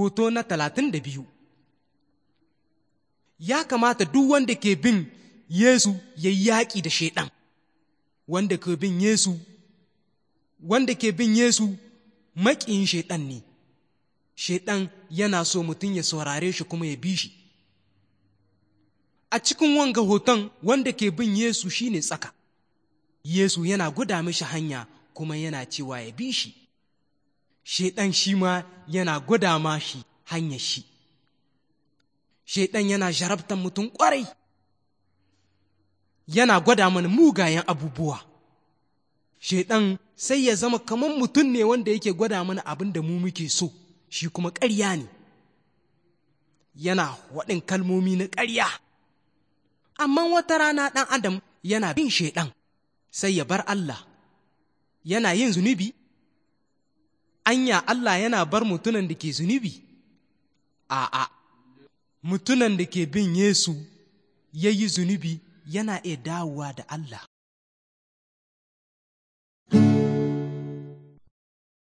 hoto na talatin da biyu ya kamata duk wanda ke bin Yesu ya yaƙi da Shaiɗan, wanda ke bin Yesu, wanda ke bin Yesu maƙiyin Shaiɗan ne, Shaiɗan yana so mutum ya saurare shi kuma ya bi shi. A cikin wanga hoton wanda ke bin Yesu shi ne tsaka, Yesu yana guda mishi hanya kuma yana cewa ya bi shi. shaiɗan shi ma yana gwada ma shi hanyar shi shaiɗan yana jarabtar mutum ƙwarai yana gwada mana mugayen abubuwa shaiɗan sai ya zama kamar mutum ne wanda yake gwada mana abin da mu muke so shi kuma ƙarya ne yana waɗin kalmomi na ƙarya amma wata rana ɗan adam yana bin shaiɗan sai ya bar Allah yana yin zunubi anya Allah yana bar mutunan da ke zunubi a'a mutunan da ke bin Yesu ya yi zunubi yana iya dawowa da Allah